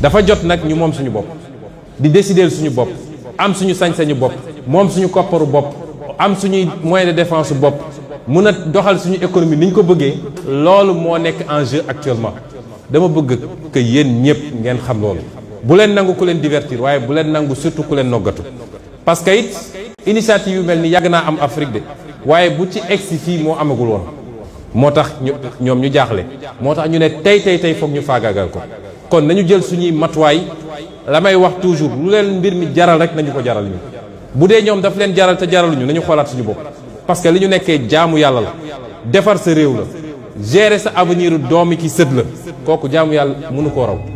dafa jot nag ñu moom suñu bopp di décider suñu bopp am suñu sañ-sañu bopp moom suñu kopparu bopp am suñuy moyen de bopp mun a doxal suñu économie ni ñu ko bëggee loolu moo nekk en jeu actuellement dama bëgg que yéen ñëpp ngeen xam loolu bu leen nangu ku leen divertir waaye bu leen nangu surtout ku leen noggatu parce que it initiative yu mel ni yàgg naa am Afrique de waaye bu ci egsi fii moo amagul woon moo tax ñu ñoom ñu jaaxle moo tax ñu ne tey tey tey foog ñu faagaagal ko kon nañu jël suñuy matuwaay la may wax toujours lu leen mbir mi jaral rek nañu ko jaral ñu bu dee ñoom daf leen jaral te jaraluñu nañu xoolaat suñu bopp parce que li ñu nekkee jaamu yàlla la defar sa réew la gérer sa avenir doomi ki sët la kooku jaamu yàlla mënu koo raw